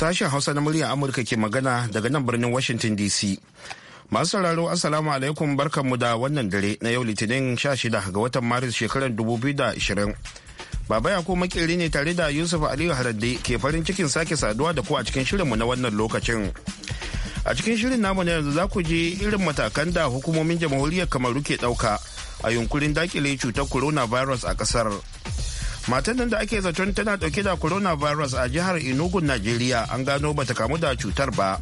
Sashen Hausa na muryar Amurka ke magana daga nan birnin Washington DC. Masu sauraro Assalamu alaikum barkanmu da wannan dare na yau Litinin 16 ga watan Maris shekarar 2020. Baba Yako makeri ne tare da Yusuf Aliyu Haradde ke farin cikin sake saduwa da ku a cikin shirinmu na wannan lokacin. A cikin shirin namu na yanzu za ku je irin matakan da hukumomin jamhuriyar Kamaru ke ɗauka a yunkurin dakile cutar coronavirus a ƙasar. matan nan da ake zaton tana dauke da coronavirus a jihar enugu najeriya an gano bata kamu da cutar ba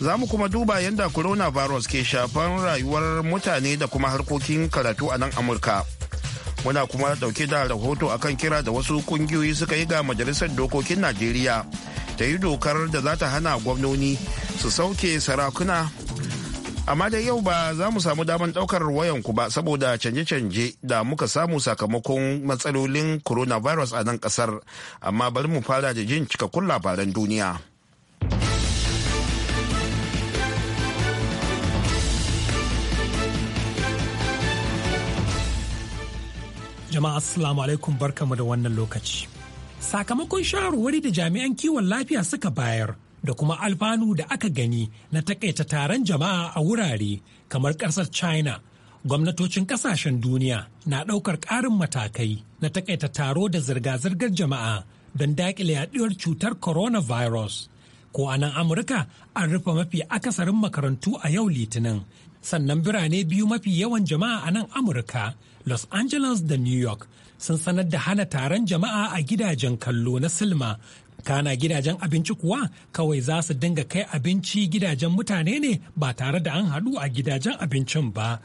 za mu kuma duba yadda coronavirus ke shafan rayuwar mutane da kuma harkokin karatu a nan amurka muna kuma dauke da rahoto akan kira da wasu kungiyoyi suka yi ga majalisar dokokin najeriya ta yi dokar da za ta hana gwamnoni su sauke sarakuna amma dai yau ba za mu samu damar daukar wayan ku ba saboda canje-canje da muka samu sakamakon matsalolin coronavirus a nan kasar amma bari mu fara da jin cikakkun labaran duniya jama'a assalamu alaikum barkamu da wannan lokaci sakamakon shawarwari da jami'an kiwon lafiya suka bayar da kuma alfanu da aka gani na takaita taron jama'a a wurare kamar ƙasar china gwamnatocin ƙasashen duniya na ɗaukar ƙarin matakai na takaita taro da zirga-zirgar jama'a don daƙile yaɗuwar cutar coronavirus ko a nan amurka an rufe mafi akasarin makarantu a yau litinin sannan birane biyu mafi yawan jama'a a nan amurka los angeles da new york sun sanar da hana taron jama'a a gidajen kallo na silma kana gidajen abinci kuwa kawai za su dinga kai abinci gidajen mutane ne ba tare da an haɗu a gidajen abincin ba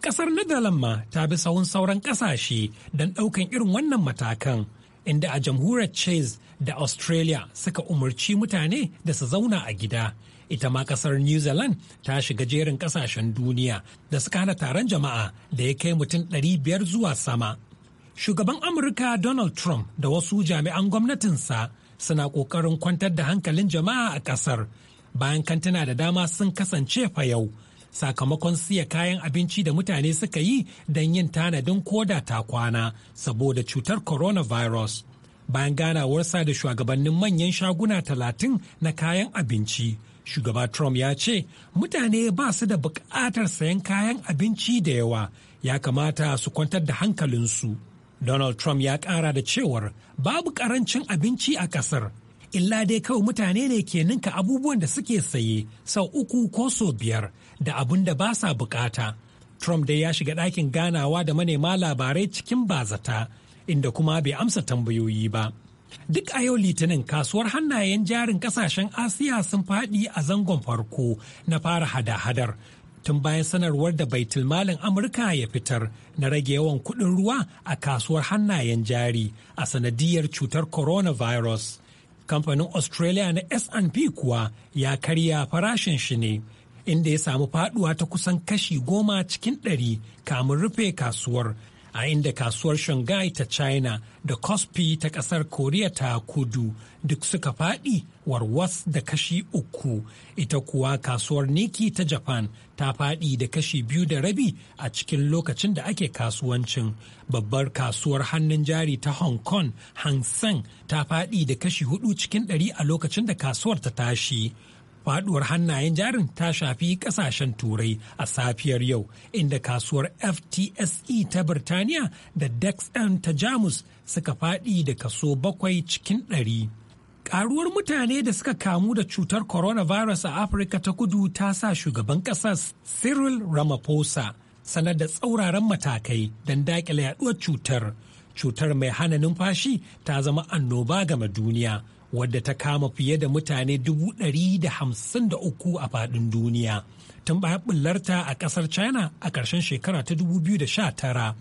Ƙasar Netherlands ma ta bi sahun sauran ƙasashe don ɗaukan irin wannan matakan inda a jamhuriyar Chase da Australia suka umarci mutane da su zauna a gida. Ita ma ƙasar New Zealand ta shiga jerin ƙasashen duniya da suka hana taron jama'a da ya kai mutum ɗari biyar zuwa sama. Shugaban Amurka Donald Trump da wasu jami'an gwamnatinsa suna ƙoƙarin kwantar da hankalin jama'a a ƙasar bayan kantina da dama sun kasance fa yau sakamakon siya kayan abinci da mutane suka yi don yin tanadin koda ta kwana saboda cutar coronavirus bayan ganawarsa da shugabannin manyan shaguna talatin na kayan abinci shugaba trump ya ce mutane ba su da buƙatar sayan kayan abinci da yawa ya kamata su kwantar da hankalinsu Donald Trump ya ƙara da cewar babu ƙarancin abinci a ƙasar. Illa dai kawai mutane ne ke ninka abubuwan da suke saye sau uku ko sau biyar da abun da ba sa bukata. Trump dai ya shiga ɗakin ganawa da manema labarai cikin bazata, inda kuma bai amsa tambayoyi ba. Duk a yau Litinin kasuwar hannayen jarin kasashen Asiya sun faɗi a zangon farko na fara hada-hadar tun bayan sanarwar da baitul malin amurka ya fitar na rage yawan kuɗin ruwa a kasuwar hannayen jari a sanadiyar cutar coronavirus kamfanin australia na S&P kuwa ya karya farashin shi ne inda ya samu faduwa ta kusan kashi goma cikin ɗari kamun rufe kasuwar a inda kasuwar Shanghai ta China da Kospi ta kasar Koriya ta kudu duk suka faɗi warwas da kashi uku, ita kuwa kasuwar Niki ta Japan ta faɗi da kashi biyu da rabi a cikin lokacin da ake kasuwancin. Babbar kasuwar hannun jari ta Hong Kong, Hang ta faɗi da kashi hudu cikin ɗari a lokacin da kasuwar ta tashi. faduwar hannayen jarin ta shafi kasashen turai a safiyar yau inda kasuwar ftse ta birtaniya da n ta jamus suka fadi da kaso bakwai cikin ɗari karuwar mutane da suka kamu da cutar coronavirus a afirka ta kudu ta sa shugaban ƙasar cyril ramaphosa sanar da tsauraran matakai don daƙile yaduwar cutar cutar mai hana numfashi ta zama annoba game duniya wadda ta kama fiye da mutane dubu da da hamsin uku a faɗin duniya tun bayan bullarta a ƙasar china a ƙarshen shekara ta da sha tara.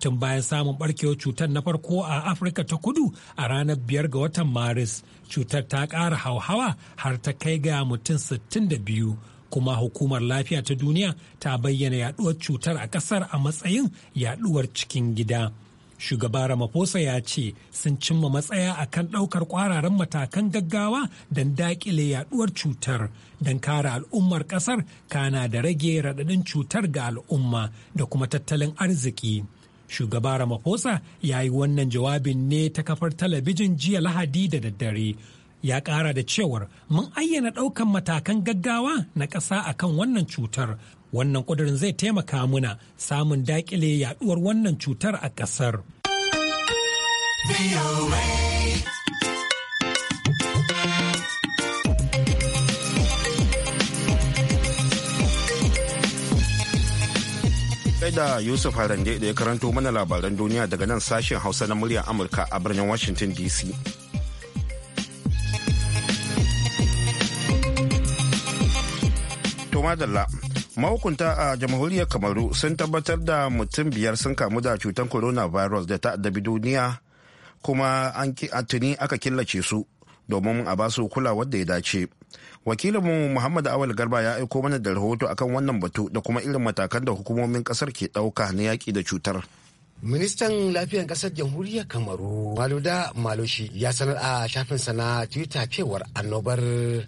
tun bayan samun ɓarkewar cutar na farko a afirka ta kudu a ranar biyar ga watan maris cutar ta ƙara hauhawa har ta kai ga mutum sittin da biyu. kuma hukumar lafiya ta duniya ta bayyana yaduwar cutar a ƙasar a matsayin yaduwar cikin gida. shugaba Ramaphosa ya ce sun cimma matsaya a kan ɗaukar ƙwararan matakan gaggawa don daƙile yaɗuwar cutar don kare al'ummar ƙasar kana da rage raɗaɗin cutar ga al'umma da kuma tattalin arziki. Shugaba Ramaphosa ya yi wannan jawabin ne ta kafar talabijin jiya Lahadi da daddare. ya ƙara da cewar mun ayyana ɗaukan matakan gaggawa na ƙasa akan wannan cutar wannan kudurin zai taimaka muna samun daƙile yaɗuwar wannan cutar a ƙasar. da Yusuf Harande da ya karanto mana labaran duniya daga nan sashen Hausa na muryar Amurka a birnin Washington DC. To madalla mahukunta a jamhuriyar kamaru sun tabbatar da mutum biyar sun kamu da cutar corona virus da ta addabi duniya kuma an tuni aka killace su domin a basu kula wadda ya dace wakilinmu muhammad awal garba ya aiko mana da rahoto akan wannan batu da kuma irin matakan da hukumomin kasar ke dauka na yaki da cutar Ministan lafiyar kasar jamhuriyar Kamaru Maluda Maloshi ya sanar a shafin na Twitter cewar annobar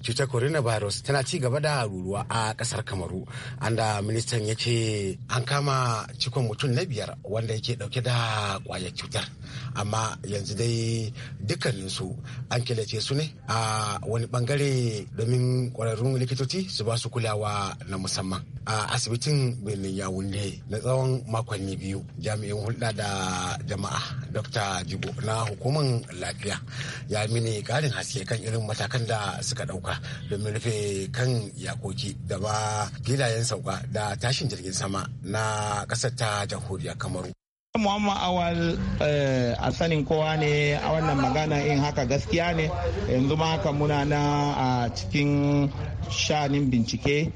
cutar coronavirus tana ci gaba da ruruwa a ƙasar Kamaru. Anda ministan ya ce an kama cikon mutum na biyar wanda yake ɗauke da kwayar cutar. Amma yanzu dai dukkaninsu an killace su ne a wani bangare domin kwararrun likitoci su ba su kulawa na musamman. A asibitin Benin Yawunde na tsawon makonni biyu jami'in hulɗa da jama'a dr jibo na hukumar lafiya ya mini ƙarin haske kan irin matakan da suka ɗauka domin rufe kan yakoki da ba gidayen sauka da tashin jirgin sama na ƙasar ta jamhuriyar kamaru muhammad awal eh, a sanin kowa ne a wannan magana in haka gaskiya ne yanzu ma haka muna na a cikin shanin bincike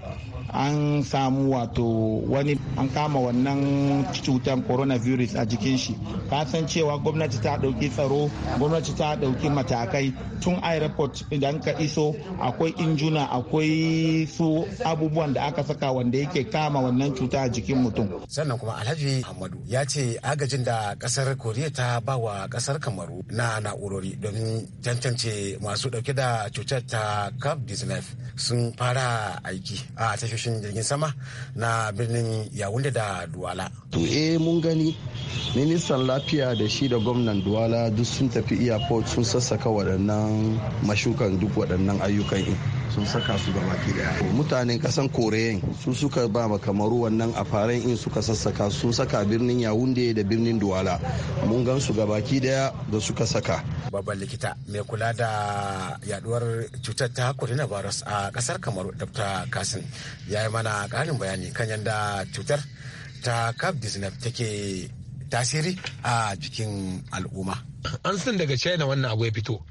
an samu wato wani an kama wannan cutar coronavirus a jikin shi kasan cewa gwamnati ta ɗauki tsaro gwamnati ta ɗauki matakai tun airport idan ka iso akwai injuna akwai su abubuwan da aka saka wanda yake kama wannan cuta a jikin mutum sannan kuma alhaji ahmadu ya ce agajin da kasar koriya ta ba wa kasar kamaru na na'urori domin tantance masu dauke da cutar ta cap 19 sun fara aiki a tashoshin jirgin sama na birnin yawunde da duwala to eh mun gani ministan lafiya da shi da gwamnan duwala duk sun tafi airport sun sassaka waɗannan mashukan duk waɗannan ayyukan sun saka su gaba ki daya mutanen kasan koreyan su suka ba ma kamaru wannan a faran in suka sassaka sun saka birnin yawunde da birnin duwala mun gan su gaba ki daya da suka saka babban likita mai kula da yaduwar cutar ta coronavirus a kasar kamaru dr kasin ya yi mana karin bayani kan yadda cutar ta cap take tasiri a jikin al'umma an san daga china wannan abu ya fito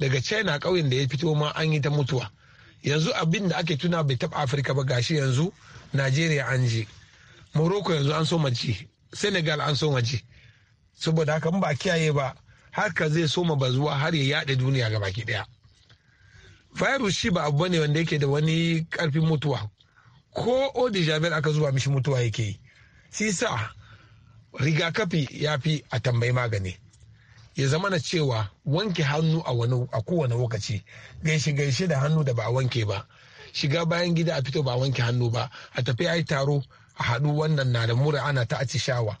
daga china ƙauyen da ya fito ma an yi ta mutuwa yanzu abin da ake tuna bai taɓa afirka ba gashi yanzu najeriya an je morocco yanzu an so mace senegal an so mace saboda haka ba kiyaye ba haka zai soma bazuwa har ya yaɗa duniya ga baki ɗaya virus shi ba abu ne wanda yake da wani karfin mutuwa ko jabel aka zuba mishi mutuwa yake yi sisa rigakafi ya fi a tambayi magani ya zama na cewa wanke hannu a wani a kowane lokaci gaishe gaishe da hannu da ba a wanke ba shiga bayan gida a fito ba a wanke hannu ba a tafi ai taro a haɗu wannan na da mura ana ta ci shawa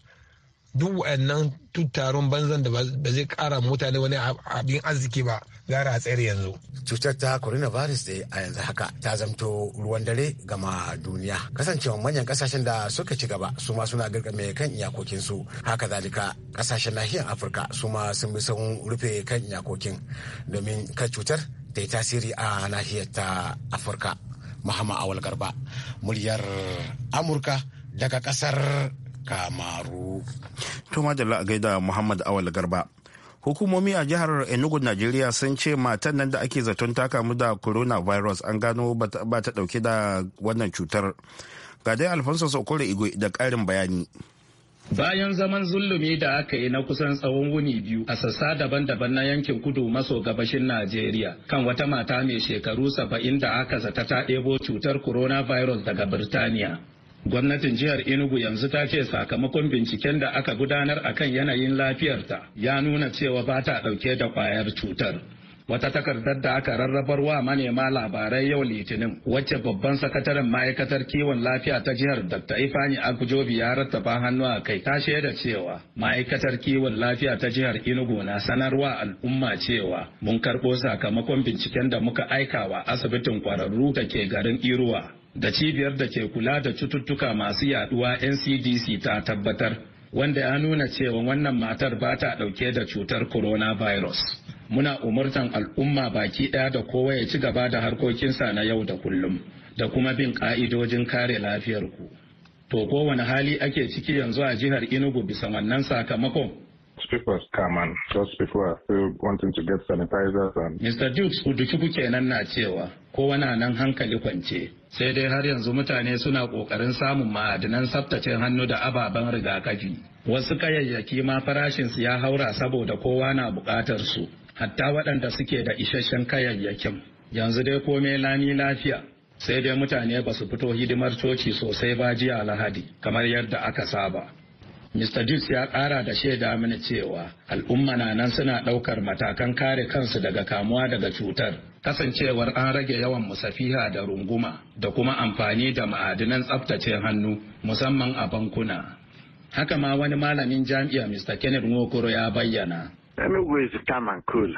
duk wa'annan taron banzan da ba zai ƙara mutane wani abin arziki ba gara a tsere yanzu. Cutar ta coronavirus dai a yanzu haka ta zamto ruwan dare gama duniya. kasancewa manyan kasashen da suka ci gaba su ma suna gargame kan iyakokinsu. Haka zalika kasashen nahiyar Afirka su ma sun bi sun rufe kan iyakokin domin kan cutar ta yi tasiri a nahiyar ta Afirka. Muhammad Awal Garba, muryar Amurka daga kasar Kamaru. Tuma da a gaida Muhammad Awal Garba. hukumomi a jihar enugu najeriya sun ce matan nan da ake zaton ta kamu da coronavirus an gano ba ta dauke da wannan cutar ga dai alfonso sokore igwe da karin bayani Bayan zaman zulumi da aka yi na kusan tsawon wuni biyu a sassa daban-daban na yankin kudu maso gabashin Najeriya kan wata mata mai shekaru saba'in da aka zata ta ɗebo cutar coronavirus daga Birtaniya. Gwamnatin jihar Enugu yanzu ta ce sakamakon binciken da aka gudanar a kan yanayin lafiyarta ya nuna cewa ba ta ɗauke da kwayar cutar. Wata takardar da aka rarrabar wa manema labarai yau Litinin wacce babban sakataren ma'aikatar kiwon lafiya ta jihar Dr. Ifani Agujobi ya rattaba hannu a kai ta da cewa ma'aikatar kiwon lafiya ta jihar Enugu na sanarwa al'umma cewa mun karɓo sakamakon binciken da muka aikawa asibitin kwararru da ke garin Iruwa da cibiyar da ke kula da cututtuka masu yaduwa ncdc ta tabbatar wanda ya nuna cewa wannan matar ba ta dauke da cutar coronavirus muna umurtan al'umma baki daya da kowa ya ci gaba da harkokinsa na yau da kullum da kuma bin ka'idojin kare lafiyar ku to kowane hali ake ciki yanzu a jihar Enugu bisa wannan sakamakon People come those people are still wanting to get sanitizers and... Mr. Dukes, kudukubu kenan na cewa kowa na nan hankali kwance. Sai dai har yanzu mutane suna kokarin samun ma'adinan tsaftace hannu da ababen rigakafi. Wasu kayayyaki ma farashin su ya haura saboda kowa na buƙatar su, hatta waɗanda suke da isasshen kayayyakin. Yanzu dai komai lami lafiya. Sai dai mutane ba su fito hidimar coci sosai ba jiya Lahadi, kamar yadda aka saba. Mr. Dukes ya ƙara da shaida mini cewa al'umma na nan suna ɗaukar matakan kare kansu daga kamuwa daga cutar. Kasancewar an rage yawan musafiha da runguma da kuma amfani da ma'adinan tsaftace hannu musamman a bankuna. Haka ma wani malamin jami'a Mr. Kenneth Nwokoro ya bayyana. cool.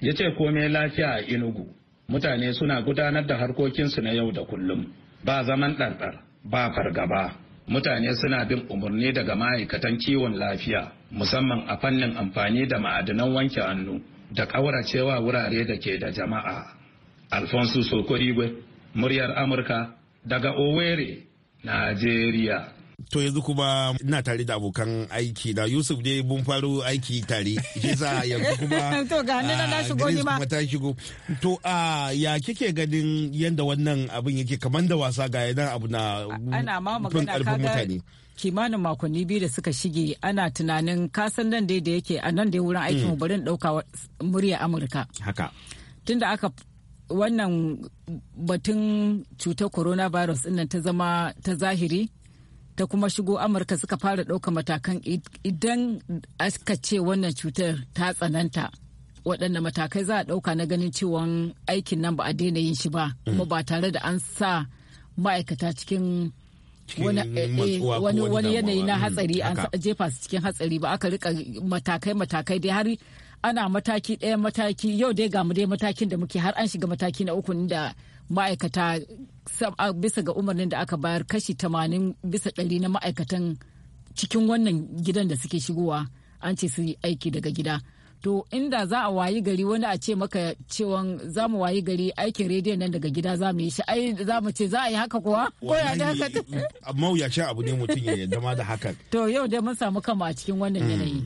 Ya ce komai lafiya a inugu Mutane suna gudanar da harkokinsu na yau da kullum. ba zaman ɗarɗar ba fargaba mutane suna bin umarni daga ma'aikatan kiwon lafiya musamman a fannin amfani da ma'adinan wanke hannu da ƙauracewa wurare da ke da jama'a alfonso sokoriwe muryar amurka daga owerri najeriya To yanzu kuma ina tare da abokan aiki na Yusuf dai mun faro aiki tare. Shi sa yanzu kuma to ga ni na ah, shigo ni ma. ta shigo. To a ah, ya kike ganin yanda wannan abin yake kaman da wasa ga yana abu na ana ma magana kaga kimanin makonni biyu da suka shige ana tunanin kasan nan dai da yake a nan dai wurin mm. aikin mu barin dauka murya Amurka. Haka. Tunda aka wannan batun cutar coronavirus nan ta zama ta zahiri ta kuma shigo amurka suka fara ɗauka matakan idan aka ce wannan cutar ta tsananta waɗanne matakai za a ɗauka na ganin cewa aikin nan ba a daina yin shi ba kuma ba tare da an sa ma'aikata cikin wani eh, eh, yanayi na mm, hatsari an jefa su cikin hatsari ba aka rika matakai matakai dai har ana mataki ɗaya mataki yau dai ga mu dai matakin da muke har an shiga mataki na uku da ma'aikata bisa ga umarnin da aka bayar kashi 80 bisa ɗari na ma'aikatan cikin wannan gidan da suke shigowa an ce su yi aiki daga gida to inda za a wayi gari wani a ce maka cewa za mu wayi gari aikin rediyon nan daga gida za mu yi shi ai za mu ce za a yi haka kuwa ko ya da haka sha abu ne mutum ya zama da haka to yau dai mun samu kama a cikin wannan mm. yanayi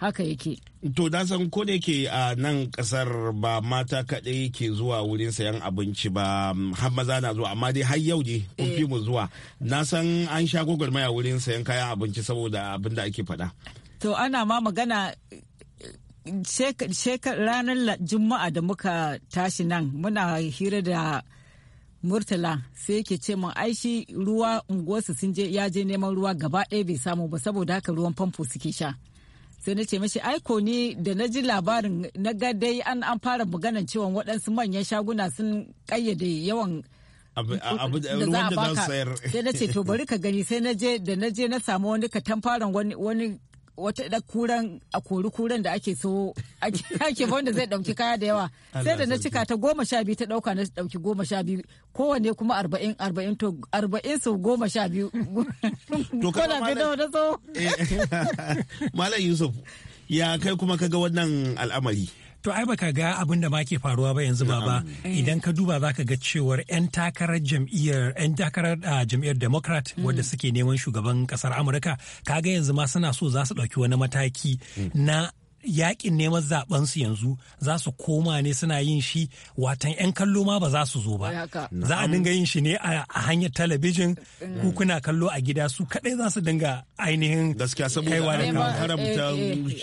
haka yake to na san ko da yake a nan kasar ba mata kaɗai ke zuwa wurin sayan abinci ba har maza na zuwa amma dai har yau ne kun fi mu eh. zuwa na san an sha gwagwarmaya wurin sayan kayan abinci saboda abin da ake faɗa to ana ma magana ranar juma'a da muka tashi nan muna hira da murtala sai yake ce min aishi ruwa unguwarsu sun je ya je neman ruwa gaba ɗaya bai samu ba saboda haka ruwan famfo suke sha sai na ce mashi aiko ni da na ji labarin na ga dai an an fara maganan cewa waɗansu manyan shaguna sun ƙayyade yawan da za a baka sai na ce to bari ka gani sai na je da na je na samu wani katan fara wani wata da kuran a kori kuran da ake so ake wanda zai dauki kaya da yawa sai da na cika ta goma sha biyu ta dauka na dauki goma sha biyu kowane kuma arba'in arba'in to arba'in sau goma sha biyu ko da ga dawo da so eh, malam yusuf ya kai kuma kaga wannan al'amari to ai baka ga abin da ma ke faruwa ba yanzu ba ba eh. idan ka duba za ka ga cewar 'yan takarar jam'iyyar 'yan takarar jam'iyyar democrat mm. wadda suke neman shugaban kasar amurka kaga yanzu ma suna so za su ɗauki wani mataki mm. na yakin neman zaben su yanzu za su koma ne suna yin shi watan 'yan kallo ma ba za su zo ba za a dinga yin shi ne a hanyar talabijin eh. ku kuna kallo a gida su kaɗai za su dinga ainihin gaskiya saboda haramta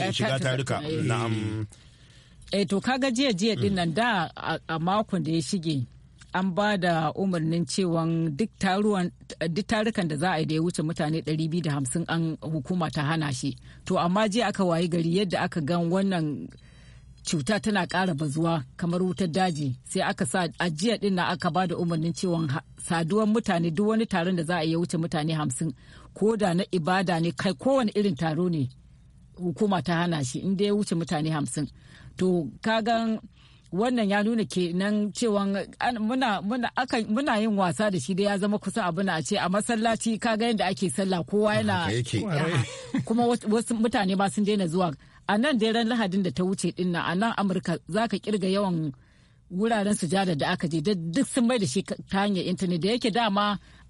shiga taruka na'am eh to kaga jiya jiya din nan da a makon da ya shige an ba da umarnin cewa duk tarukan da za a yi da ya wuce mutane 250 an hukuma ta hana shi to amma jiya aka wayi gari yadda aka gan wannan cuta tana ƙara bazuwa kamar wutar daji sai aka sa ajiya din na aka ba da umarnin cewa saduwar mutane duk wani taron da za a yi wuce mutane hamsin ko da na ibada ne kai kowane irin taro ne hukuma ta hana shi inda ya wuce mutane hamsin to kagan wannan ya nuna kenan cewa muna yin wasa da shi da ya zama kusa abuna a ce a masallaci kaga yadda ake sallah kowa yana kuma wasu mutane ba sun daina zuwa a nan dai ran lahadin da ta wuce din a nan amurka za ka kirga yawan wuraren sujada da aka je duk sun mai da shi ta hanyar intanet da yake dama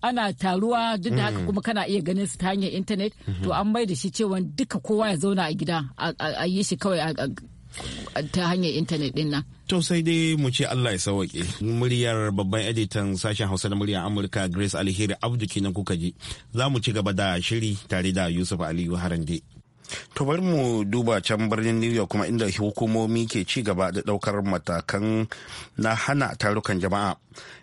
ana taruwa duk da haka mm. kuma kana iya ganin su ta hanyar intanet mm-hmm. to an mai da shi cewa duka kowa ya zauna a gida a yi shi kawai ta hanyar intanet din nan. To sai dai mu ce Allah ya sauke. Muryar babban editan sashen Hausa na muryar Amurka Grace Alheri Abdu kenan kuka je Za mu ci gaba da shiri tare da Yusuf Aliyu Harande. To bari mu duba can birnin New York kuma inda hukumomi ke ci gaba da ɗaukar matakan na hana tarukan jama'a.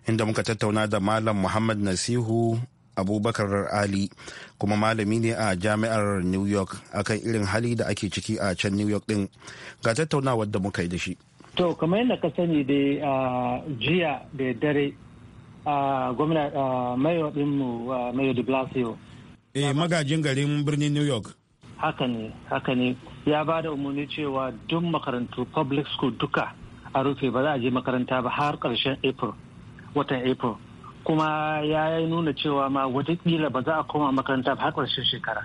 Inda muka tattauna da Malam Muhammad Nasihu abubakar ali kuma malami ne a jami'ar new york akan irin hali da ake ciki a can new york din ga tattaunawar da muka yi da shi to kamar yadda ka sani da jiya da dare gwamna mayo de eh magajin garin birnin new york haka ne haka ne ya ba da umarni cewa duk makarantu public school duka a rufe ba za a je makaranta ba har ƙarshen april watan april kuma ya nuna cewa ma watakila ba za a koma makaranta har ƙarshen shekara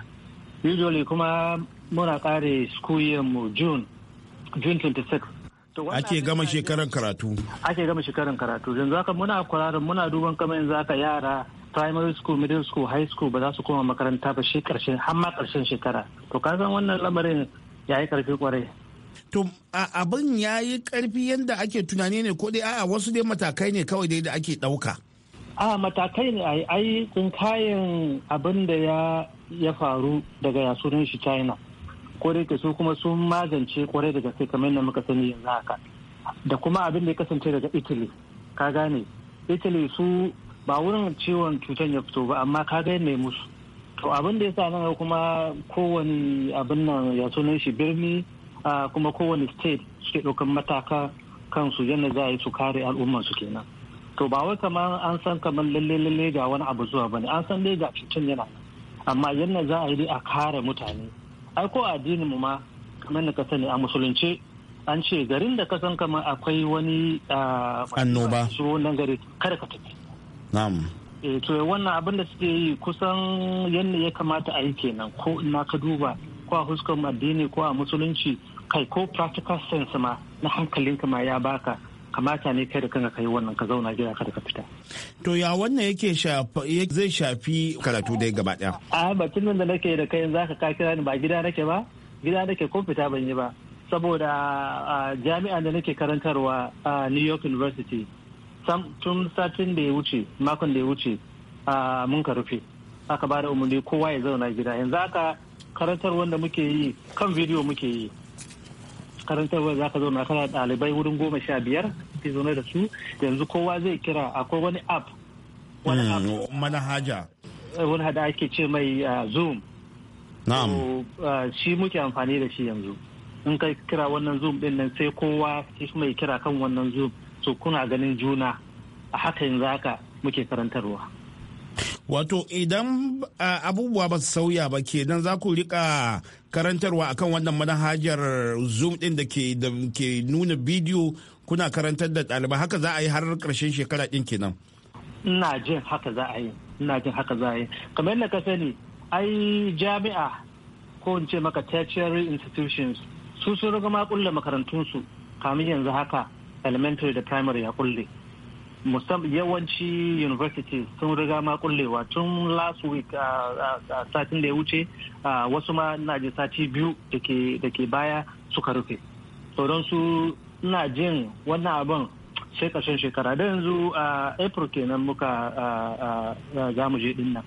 usually kuma muna kare school year mu june june 26 ake gama shekarar karatu ake gama shekarar karatu yanzu haka muna kurarin muna duban kamar yanzu haka yara primary school middle school high school ba za su koma makaranta ba shekarshen karshen har ma karshen shekara to ka san wannan lamarin ya yi karfi kwarai to abin ya yi karfi yadda ake tunani ne ko dai a'a wasu dai matakai ne kawai dai da ake ɗauka a matakai ne a yi tsinkayen abin da ya faru daga yasurin shi china kwarai da su kuma sun magance kwarai daga sai kamar yadda muka sani yanzu haka da kuma abin da ya kasance daga italy ka gane italy su ba wurin ciwon cutar ya fito ba amma ka ga mai musu to abin da ya sa nan kuma kowane abin nan ya sunan shi birni kuma kowane state suke ɗaukar mataka kansu yadda za a yi su kare al'ummar su kenan to ba wai kamar an san kamar lalle lalle ga wani abu zuwa bane an san dai ga cutar yana amma yadda za a yi a kare mutane ai ko addinin mu ma kamar da ka sani a musulunce an ce garin da ka san kamar akwai wani annoba su nan gari kada ka tafi na'am eh to wannan abin da suke yi kusan yadda ya kamata a yi kenan ko na ka duba ko a huskan addini ko a musulunci kai ko practical sense ma na hankalinka ma ya baka kamata ne kai da kanka kai wannan ka zauna gida kada ka fita to ya wannan yake zai shafi karatu dai gaba daya a batun nan da nake da kai zaka ka kira ni ba gida nake ba gida nake ko fita ban yi ba saboda jami'a da nake karantarwa a New York University tun satin da ya wuce makon da ya wuce mun ka rufe aka ba da umarni kowa ya zauna gida yanzu aka karantar wanda muke yi kan bidiyo muke yi karantarwa za ka zauna kana ɗalibai wurin goma sha biyar ke zaune da su yanzu kowa zai kira akwai wani app wani hmm, app manhaja eh, wani hada ake ce mai ah, zoom na'am ah, shi muke amfani da shi yanzu in kai kira wannan zoom din nan sai kowa shi mai kira kan wannan zoom so kuna ganin juna a haka yanzu haka muke karantarwa wato idan abubuwa ba su sauya ba kenan za ku rika karantarwa akan wannan manhajar zoom din da ke nuna bidiyo kuna karantar da ɗalibai haka za a yi har ƙarshen shekara ɗin kenan ina jin haka za a yi ina jin haka za a yi kamar yadda ka sani ai jami'a ko in ce maka tertiary institutions su sun riga ma kulle makarantunsu kamin yanzu haka elementary da primary ya kulle musamman yawanci universities sun riga ma kullewa tun last week a satin da ya wuce wasu ma na ji sati biyu da ke baya suka rufe don su na jin wannan abin sai ƙarshen shekara da yanzu a april kenan muka za mu je dinnan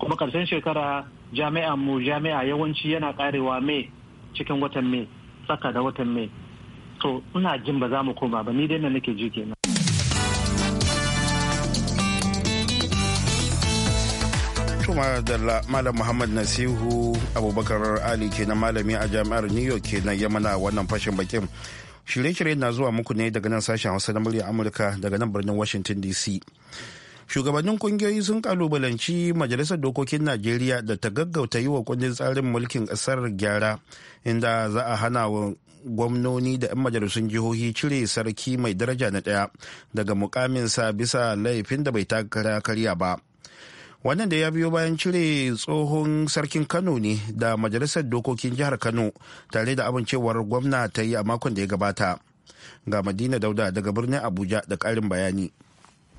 kuma karshen shekara jami'an mu jami'a yawanci yana karewa mai cikin watan mai tsaka da watan mai to ina jin ba za mu koma ba ni dai na nake ji kenan da Malam Muhammad Nasihu Abubakar Ali na malami a jami'ar New York kenan ya mana wannan fashin bakin. Shirye-shirye na zuwa muku ne daga nan sashen Hausa na murya Amurka daga nan birnin Washington DC. Shugabannin kungiyoyi sun kalubalanci Majalisar Dokokin Najeriya da ta gaggauta yi wa kundin tsarin mulkin kasar gyara inda za a hana wa gwamnoni da 'yan majalisun jihohi cire sarki mai daraja na ɗaya daga mukaminsa bisa laifin da bai takara karya ba. wannan da ya biyo bayan cire tsohon sarkin kano ne da majalisar dokokin jihar kano tare da amincewar gwamna ta yi a makon da ya gabata ga madina dauda daga birnin abuja da karin bayani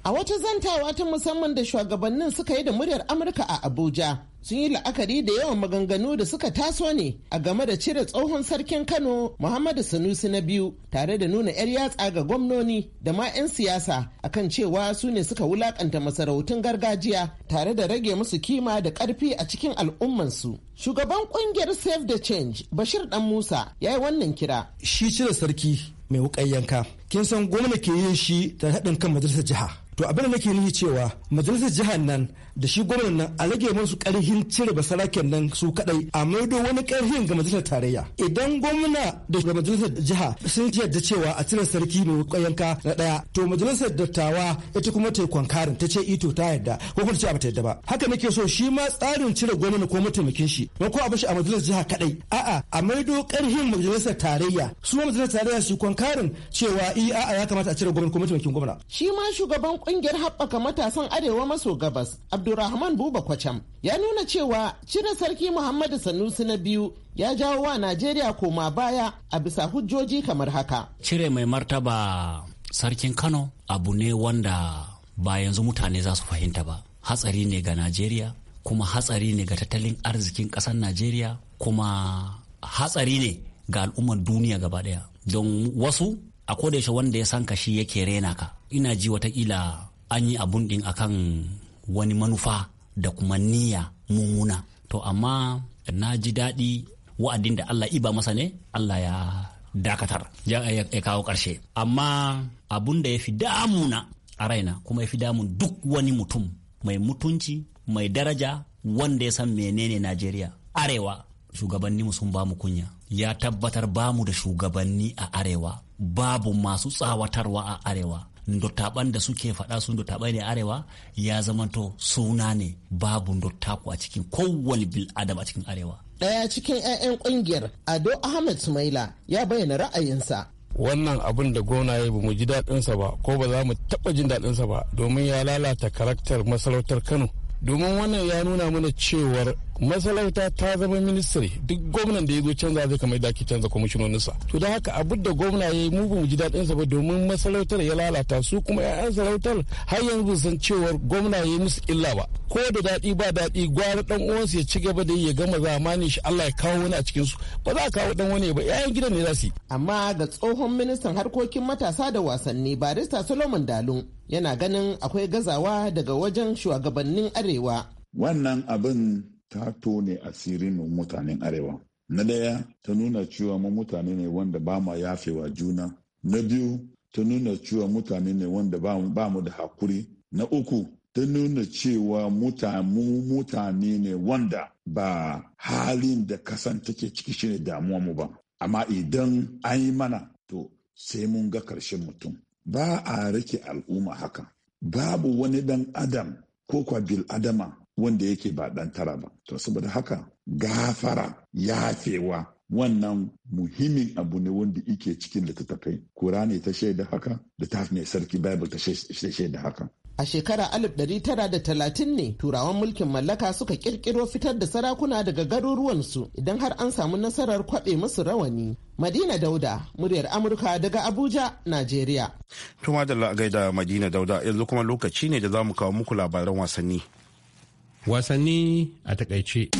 A wata zantawa ta musamman da shugabannin suka yi da muryar Amurka a Abuja sun yi la'akari da yawan maganganu da suka taso ne a game da cire tsohon sarkin Kano Muhammadu Sanusi na biyu tare da nuna 'yar yatsa ga gwamnoni da ma 'yan siyasa akan cewa su ne suka wulakanta masarautun gargajiya tare da rage musu kima da karfi a cikin al'ummansu. Shugaban kungiyar Save the Change Bashir Dan Musa ya yi wannan kira. Shi cire sarki mai wuƙayyanka. Kin san gwamna ke yin shi ta haɗin kan majalisar jiha. to abin da nake nihi cewa majalisar jihar nan da shi gwamnan nan a rage musu karhin cire basaraken nan su kadai a maido wani karhin ga majalisar tarayya idan gwamna da majalisar jiha sun yadda cewa a cire sarki mai kwayanka na daya to majalisar dattawa ita kuma ta kwankarin ta ce ito ta yadda ko kuma ta ce ba ta yadda ba haka nake so shi ma tsarin cire gwamna ko mataimakin shi ba ko a bashi a majalisar jiha kadai a'a a maido karhin majalisar tarayya su ma majalisar tarayya su kwankarin cewa i eh, a'a ya kamata a cire gwamna ko mataimakin gwamna shi ma shugaban kungiyar haɓaka matasan arewa maso gabas abdurrahman buba kwacham ya nuna cewa cire sarki muhammadu sanusi na biyu ya jawo wa najeriya koma baya a bisa hujjoji kamar haka cire mai martaba sarkin kano abu ne wanda ba yanzu mutane za su fahimta ba hatsari ne ga najeriya kuma hatsari ne ga tattalin arzikin ƙasar najeriya kuma hatsari ne ga al'ummar duniya gaba daya don wasu a wanda ya san ka shi yake rena ka ina ji watakila an yi abun din akan wani manufa da kuma niyya mummuna to amma na ji daɗi wa'adin da Allah iba masa ne Allah ya dakatar ya kawo ƙarshe amma abun da ya fi damuna a raina kuma ya fi damun duk wani mutum mai mutunci mai daraja wanda ya san menene Najeriya arewa shugabanni sun ba mu kunya ya tabbatar ba mu da shugabanni a arewa babu masu tsawatarwa a arewa ndottaɓan da suke faɗa sun ndottaɓai ne arewa ya zamanto suna ne babu ndottaku a cikin kowane bil adam a cikin arewa ɗaya cikin 'ya'yan ƙungiyar ado ahmed sumaila ya bayyana ra'ayinsa wannan abin da gona ya mu ji daɗinsa ba ko ba za mu taɓa jin daɗinsa ba domin ya lalata karaktar masarautar kano domin wannan ya nuna mana cewar masalauta ta zama ministry duk gwamnan da ya zo canza zai kamar da ake canza kwamishinoninsa to da haka abin da gwamna ya yi mugun ji daɗin sa ba domin masalautar ya lalata su kuma 'ya'yan sarautar har yanzu san cewar gwamna ya yi musu illa ba ko da daɗi ba daɗi gwara dan uwansu ya ci gaba da ya gama zamani shi Allah ya kawo wani a cikin su ba za a kawo dan wani ba 'ya'yan gidan ne za su amma ga tsohon ministan harkokin matasa da wasanni barista Solomon Dalun yana ganin akwai gazawa daga wajen shugabannin arewa wannan abin ta tone asirin mutanen arewa na daya ta nuna cewa mu mutane ne wanda ba ma yafewa juna na biyu ta nuna cewa mutane ne wanda ba mu da hakuri na uku ta nuna cewa mutane ne wanda ba halin da kasan ke ciki shine damuwa mu ba amma idan an yi mana to sai mun ga karshen mutum ba a rike al'umma haka babu wani dan adam ko kwa bil adama wanda yake ba ɗan tara ba to saboda haka gafara yafewa wannan muhimmin abu ne wanda ike cikin littattafai ne ta shaida haka da ta ne sarki bible ta shaida haka a shekara 1930 ne turawan mulkin mallaka suka kirkiro fitar da sarakuna daga garuruwansu idan har an samu nasarar kwaɓe musu rawani madina dauda muryar amurka daga abuja najeriya tuma da gaida madina dauda yanzu kuma lokaci ne da za mu kawo muku labaran wasanni wasanni a takaice.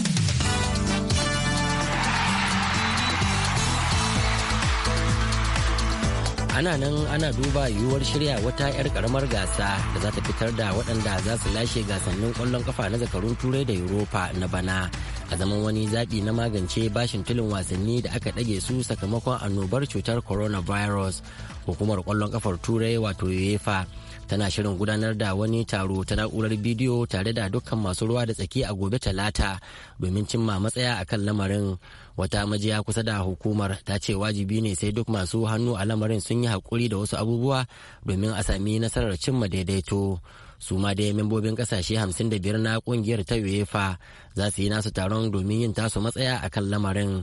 ana nan ana duba yiwuwar shirya wata 'yar karamar gasa da za ta fitar da waɗanda za su lashe gasannin ƙwallon kafa na zakarun turai da Yuropa na bana a zaman wani zaɓi na magance bashin tulin wasanni da aka ɗage su sakamakon annobar cutar coronavirus hukumar ƙwallon kafar turai wato uefa tana shirin gudanar da wani taro ta na'urar bidiyo tare da dukkan masu ruwa da tsaki a gobe talata domin cimma matsaya a kan lamarin wata majiya kusa da hukumar ta ce wajibi ne sai duk masu hannu a lamarin sun yi haƙuri da wasu abubuwa domin a sami nasarar cimma daidaito su ma dai membobin kasashe 55 na kungiyar ta uefa za su yi nasu taron domin yin tasu matsaya a kan lamarin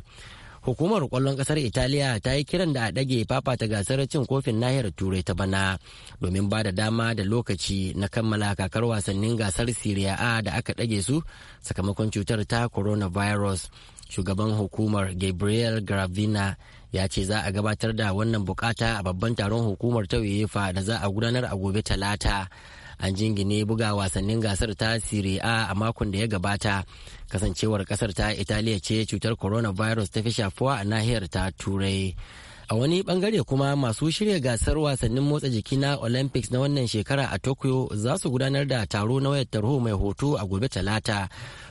hukumar kwallon kasar italiya ta yi kiran da a ɗage fafata gasar cin kofin nahiyar turai ta bana domin ba da dama da lokaci na kammala kakar wasannin gasar siriya a da aka ɗage su sakamakon cutar ta coronavirus shugaban hukumar gabriel gravina ya ce za a gabatar da wannan bukata a babban taron hukumar ta uefa da za a gudanar a gobe talata an jingine buga wasannin gasar ta Serie A a makon da ya gabata kasancewar kasar ta Italiya ce cutar coronavirus ta fi shafuwa a nahiyar ta Turai. a wani bangare kuma masu shirya gasar wasannin motsa jiki na olympics na wannan shekara a tokyo za su gudanar da taro na wayar tarho mai hoto a gobe talata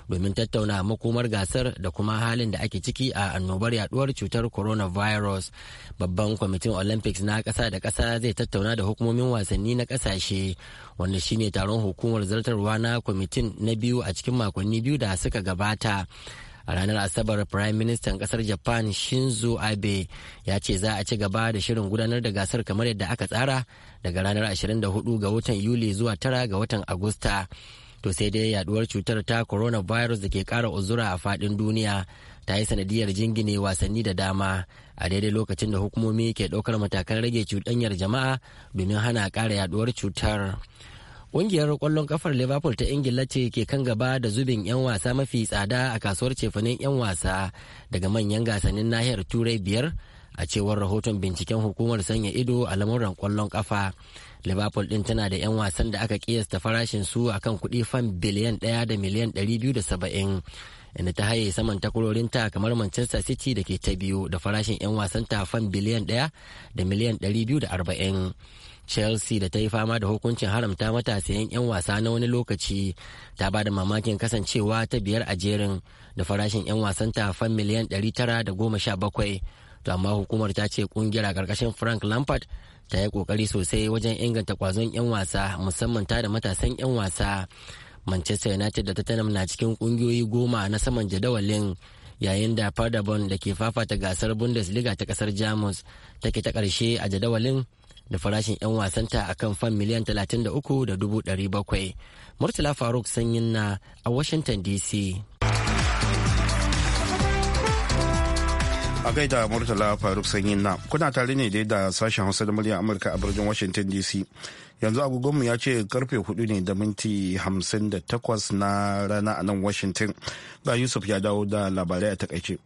domin tattauna makomar gasar da kuma halin da ake ciki a annobar yaduwar cutar coronavirus babban kwamitin olympics na kasa da kasa zai tattauna da hukumomin wasanni na kasashe wanda shine taron hukumar zartarwa na kwamitin na biyu a cikin makonni biyu da suka gabata a ranar asabar prime minister kasar japan shinzo abe ya ce za a ci gaba da shirin gudanar da gasar kamar yadda aka tsara daga ranar 24 ga watan yuli zuwa 9 ga watan agusta to sai dai yaduwar cutar ta coronavirus da ke kara uzura a fadin duniya ta yi sanadiyar jingine wasanni da dama a daidai lokacin da hukumomi ke ɗaukar matakan rage cuɗanyar jama'a domin hana kara yaduwar cutar. Ƙungiyar ƙwallon kafar Liverpool ta Ingila ce ke kan gaba da zubin 'yan wasa mafi tsada a kasuwar cefanen 'yan wasa daga manyan gasannin nahiyar Turai biyar a cewar rahoton binciken hukumar sanya ido a lamuran ƙwallon kafa. Liverpool ɗin tana da 'yan wasan da aka kiyasta farashin su kan kuɗi fan biliyan ɗaya da miliyan ɗari biyu da saba'in. inda ta haye saman takwarorin ta kamar manchester city da ke ta biyu da farashin 'yan wasan ta fan biliyan ɗaya da miliyan 240 chelsea da ta yi fama da hukuncin haramta mata sayan 'yan wasa na wani lokaci ta ba da mamakin kasancewa ta biyar a jerin da farashin 'yan wasan ta fan miliyan 917 to amma hukumar ta ce kungiyar a karkashin frank lampard ta yi kokari sosai wajen inganta kwazon 'yan wasa musamman ta da matasan 'yan wasa manchester united da tottenham na cikin kungiyoyi goma na saman jadawalin yayin da Paderborn da ke fafata gasar Bundesliga ta kasar Jamus take ta karshe a jadawalin da farashin 'yan wasanta a kan fan miliyan 33,700. Murtala Faruk Sanyin na a Washington DC. A gaida Murtala Faruk Sanyin na kuna tare ne dai da sashen Hausa da muryar Amurka a birnin Washington DC. Yanzu agogonmu ya ce karfe hudu ne da minti hamsin da takwas na rana a nan Washington. Ga Yusuf ya dawo da labarai a takaice.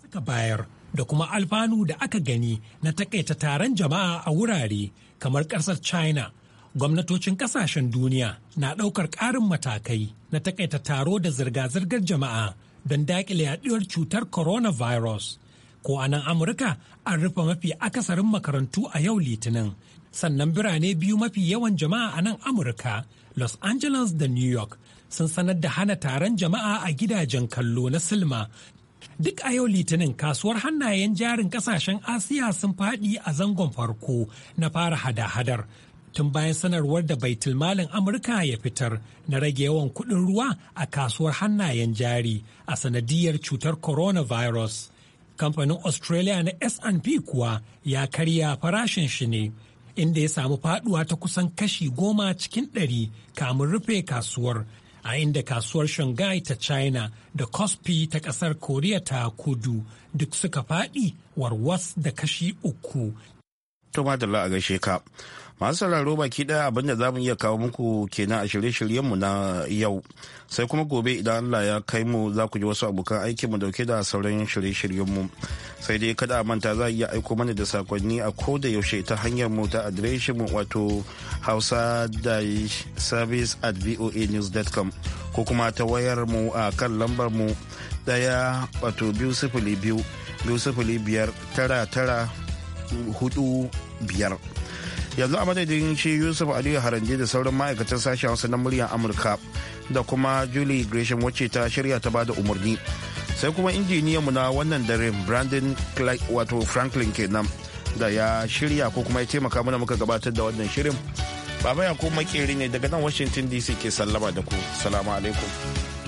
Suka bayar da kuma alfanu da aka gani na takaita taron jama'a a wurare kamar ƙasar china gwamnatocin ƙasashen duniya na ɗaukar ƙarin matakai na takaita taro da zirga-zirgar jama'a don daƙile yaɗuwar cutar coronavirus ko a nan amurka an rufe mafi akasarin makarantu a yau litinin sannan birane biyu mafi yawan jama'a a nan amurka los angeles da new york sun sanar da hana taron jama'a a gidajen kallo na silma Duk a yau Litinin kasuwar hannayen jarin kasashen Asiya sun faɗi a zangon farko na fara hada-hadar. Tun bayan sanarwar da baitulmalin Amurka ya fitar na rage yawan kuɗin ruwa a kasuwar hannayen jari a sanadiyar cutar coronavirus. Kamfanin Australia na S&P kuwa ya karya farashin shi ne. inda ya samu faduwa ta kusan kashi goma cikin ɗari kamun rufe kasuwar a inda kasuwar Shanghai ta China da Kospi ta ƙasar Koriya ta kudu duk suka faɗi warwas da kashi uku. To da a gaishe ka. masu sauraro baki ɗaya abin da za mu iya kawo muku kenan a shirye-shiryenmu na yau sai kuma gobe idan allah ya kai mu za ku ji wasu abokan aiki mu dauke da sauran shirye-shiryenmu sai dai kada a manta za a iya aiko mana da sakonni a ko da yaushe ta hanyar mu ta adireshin mu wato hausa service at voa voanews.com ko kuma ta wayar mu a kan lambar mu ɗaya wato biyu sifili biyu biyu sifili biyar tara tara hudu biyar yanzu a madadin shi yusuf aliyu haranje da sauran ma'aikatan sashen hausa na muryar amurka da kuma julie gresham wacce ta shirya ta bada umarni sai kuma injiniyan mu na wannan dare brandon wato franklin kenan da ya shirya ko kuma ya taimaka mana muka gabatar da wannan shirin baba ya makeri ne daga nan washington dc ke sallama da ku salamu alaikum